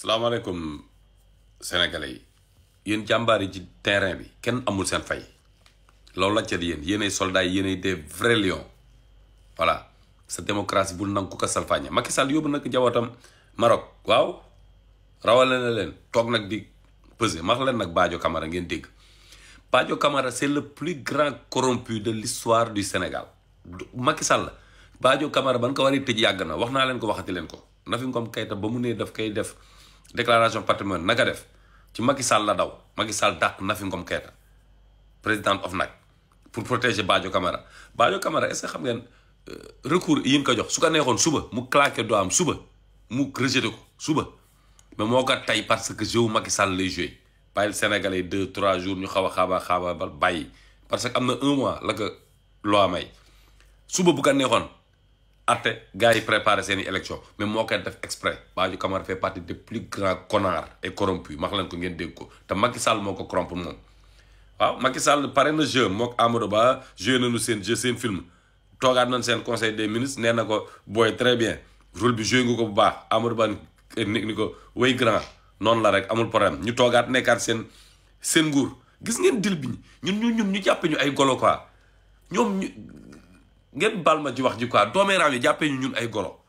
salaamaaleykum sénégalais yi yéen jàmbaar yi ci terrain bi kenn amul seen fay loolu la ca di yéen yéenay soldats yi yéenay des vrais voilà sa démocratie bul nangu ko ko salfaañe Macky Sall yóbbu nag jawwatam Maroc waaw rawale na nag di pesé max leen nag Badio Camara ngeen dégg Badio Camara c'est le plus grand corrompu de l'histoire du Sénégal Macky Sall Badio Camara ban ko war a tëj yàgg na wax naa leen ko waxati leen ko Nafi Ngom Keïta ba mu nee daf koy def déclaration nag a def ci Macky Sall la daw Macky Sall dàq Nafi Ngom Keïta président nag pour protéger Badio Camara Badio Camara est-ce que xam ngeen euh, recours yi ñu ko jox su ko neexoon suba mu claqué doo am suba mu rejeté ko suba mais moo ko tey parce que jeu Macky Sall lay joué bàyyil Sénégalais deux trois jours ñu xaw a xaaba xaaba bal bàyyi parce que am na un mois la ko loo may suba bu ko neexoon. atte gars yi préparé seen i élection mais moo koy def exprès Badio Camara fait partie des plus grands connards et corrompus max leen ko ngeen dégg ko te Macky Sall moo ko corrompre moom waaw Macky pare na jeu mook Amadou Ba joué nañu seen jeu seen film toogaat nañ seen conseil des ministres nee na ko booy très bien rôle bi joué nga ko bu baax Amadou Ba ni ni ko way grand noonu la rek amul problème ñu toogaat nekkaat seen seen nguur gis ngeen dil bi ñun ñun ñu jàppe ñu ay golo ngeen bal ma ji wax ji quoi doomeeraam yi jàppee ñu ñun ay golo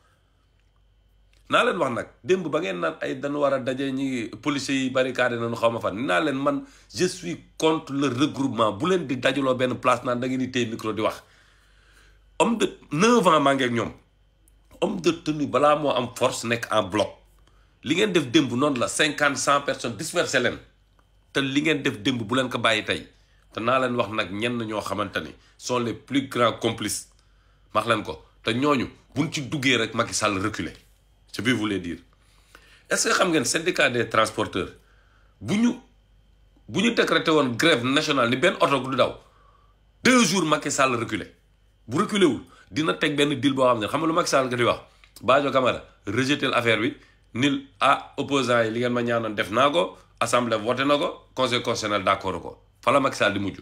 naa leen wax nag démb ba ngeen naan ay dañu war a daje ñi policiers yi barricade nañu xaw ma fan naa leen man je suis contre le regroupement bu leen di dajaloo benn place naa da ngeen di téye micro di wax homme de neuf ans maa ngi ak ñoom homme de tenue balaa moo am force nekk en bloc li ngeen def démb noonu la cinquante cent personnes dispersé leen te li ngeen def démb bu leen ko bàyyi tey te naa leen wax nag ñenn ñoo xamante ni sont les plus grands complices max leen ko te ñooñu buñ ci duggee rek Macky Sall reculer si que vous voulez est-ce que xam ngeen syndicat des transporteurs bu ñu bu ñu décrété woon grève nationale ni benn oto du daw deux jours Macky Sall reculer bu reculer wul dina teg benn deal boo xam ne xam nga lu Macky Sall nga di wax baajo Camara rejeté affaire bi nil ah opposants yi li ngeen ma ñaanoon def naa ko assemblée voté na ko conseil constitutionnel d'accord ko fa la Macky Sall di mujj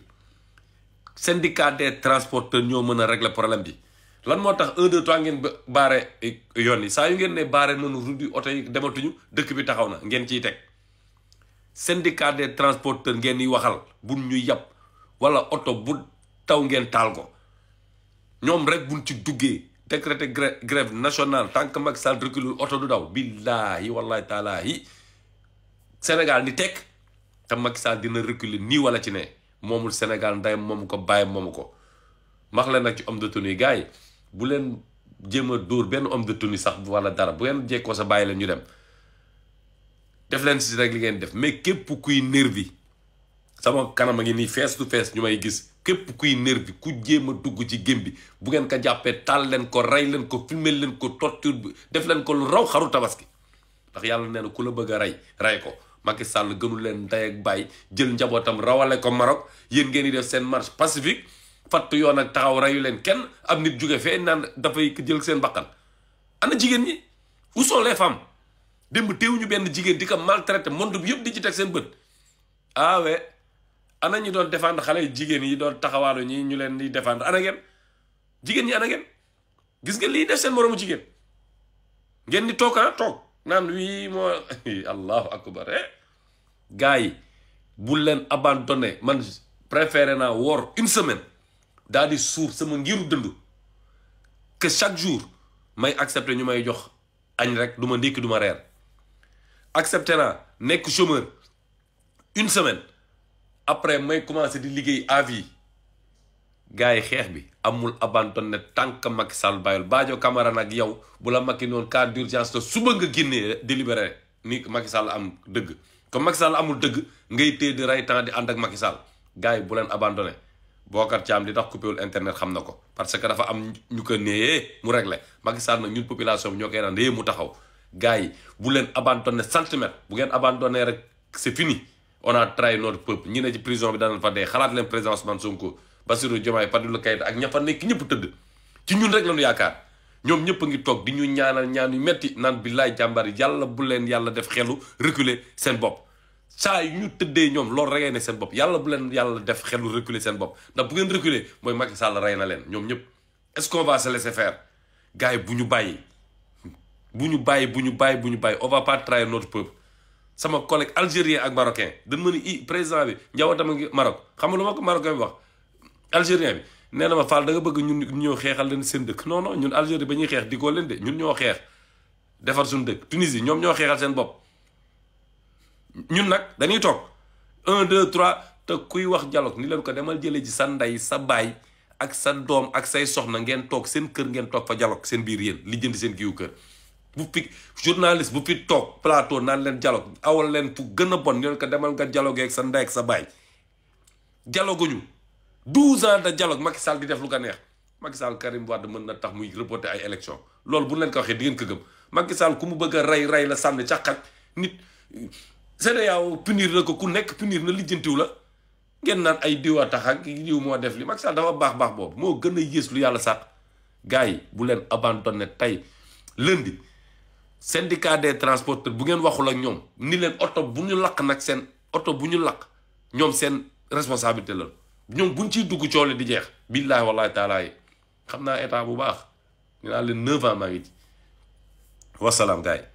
syndicat des ñoo mën a régler problème bi. lan moo tax un deux trois ngeen baare eh, yoon yi saa yu ngeen ne baare noonu route bi oto yi dematuñu dëkk bi taxaw na ngeen ciy teg syndicat des transporteurs ngeen yi waxal bu ñu yàpp wala oto bu taw ngeen taal ko ñoom rek buñ ci duggee décrété grève nationale tant que Macky Sall reculul oto du daw billaahi wallahi taalaahi Sénégal ni tekk te Macky Sall dina reculer nii wala ci ne moomul Sénégal ndeyam moomu ko bàyyam moomu ko max leen nag ci om de tenue yi gars yi bu leen jéem a dóor benn homme de tenue sax wala dara bu ngeen jekkoo sa bàyyi leen ñu dem def leen si rek li ngeen def mais képp kuy nervi sama kanam a ngi nii fees to fees ñu may gis képp kuy nervi ku jéem a dugg ci gém bi bu ngeen ko jàppee taal leen ko rey leen ko filmer leen ko torture bi def leen ko lu raw xaru tabaski ndax yàlla nee na ku la bëgg a rey rey ko Macky sàll gënul leen ndey ak bàyyi jël njabootam rawale ko Maroc yéen ngeen di def seen marche pacifique fatt yoon ak taxaw reyu leen kenn am nit jóge fee naan dafay jël seen bakkan ana jigéen ñi où sont les femmes démb teewuñu benn jigéen di kam maltraité monde bi yëpp di ci teg seen bët ah ouais ana ñu doon défendre xale jigéen yi doon taxawaalu ñi ñu leen di défendre ana ngeen jigéen ñi ana ngeen gis nga lii def seen moroomu jigéen ngeen di toog ah toog naan wii moo allahu akbar eh gars yi bu leen abandonné man préféré naa woor une semaine daal di suuf sama ngiru dund que chaque jour may accepter ñu may jox añ rek du ma ndékki du ma reer accepté naa nekk chômeur une semaine après may commencé di liggéey à vie gars yi xeex bi amul abandon ne tant que Macky Sall bàyyul Badio Camara nag yow bu la Macky noonu cas d'urgence te suba nga génnee délibéré ni Macky Sall am dëgg comme Macky Sall amul dëgg ngay téye di ray temps di ànd ak Macky Sall gars yi bu leen abandonné boo Bocar Thiam li tax coupé wul internet xam na ko parce que dafa am ñu ko nee mu réglé Macky Sall nag ñun population bi ñoo koy naan mu taxaw gars yi bu leen abandonné centimètre bu ngeen abandonné rek c'est fini on a trahi notre peuple ñi ne ci prison bi danañ fa dee xalaat leen président Ousmane Sonko Bassirou Diomaye Fadilou Keïta ak ña fa nekk ñëpp tëdd ci ñun rek lañu yaakaar. ñoom ñëpp a ngi toog di ñu ñaanal ñaan yu metti naan billaay jàmbar yàlla bu leen yàlla def xelu reculer seen bopp saa yu ñu tëddee ñoom loolu reyee ne seen bopp yàlla bu leen yàlla def xelu reculer seen bopp ndax bu ngeen reculer mooy Macky Sall rey na leen ñoom ñëpp est-ce qu'on va se laisser faire gars yi bu ñu bàyyi bu ñu bàyyi bu ñu bàyyi bu ñu bàyyi on va pas trahir notre peuple sama collègue algérien ak marocain dañ ma ni i président bi njabootam ak Maroc xam nga lu ma ko marocain bi wax algérien bi nee na ma faal da nga bëgg ñun ñoo xeexal leen seen dëkk non non ñun Algérie ba ñuy xeex di ko leen de ñun ñoo xeex defar suñu dëkk Tunisie ñoom ñoo xeexal seen bopp ñun nag dañuy toog un deux trois te kuy wax dialogue ni leen ko demal jële ci sa ndey sa baay ak sa doom ak say soxna ngeen toog seen kër ngeen toog fa dialogue seen biir yéen li jënd seen kiiwu kër bu fi journaliste bu fi toog plateau naan leen dialogue awal leen fu gën bon ni leen ko demal nga dialogue ak sa ndey ak sa baay dialoguñu douze ans de dialogue Macky Sall di def lu ko neex Macky Sall Karim Wade mën na tax muy reporter ay élection loolu bu leen ko waxee di ngeen ko gëm Macky Sall ku mu bëgg a rey rey la sànni ca nit CEDEAO punir na ko ku nekk punir na lijjantiw la ngeen naan ay diwa tax ak diw moo def li Macky Sall dafa baax baax boobu moo gën a yées lu yàlla sax gars yi bu leen abandonné tey lundi syndicat des transporteurs bu ngeen waxul ak ñoom ni leen oto bu ñu lakk nag seen oto bu ñu lakk ñoom seen responsabilité la ñoom buñ ciy dugg coole di jeex billaahi wallaahi taalaa yi xam naa état bu baax ñu naan leen neuf ans maa ngi ci wasalaam yi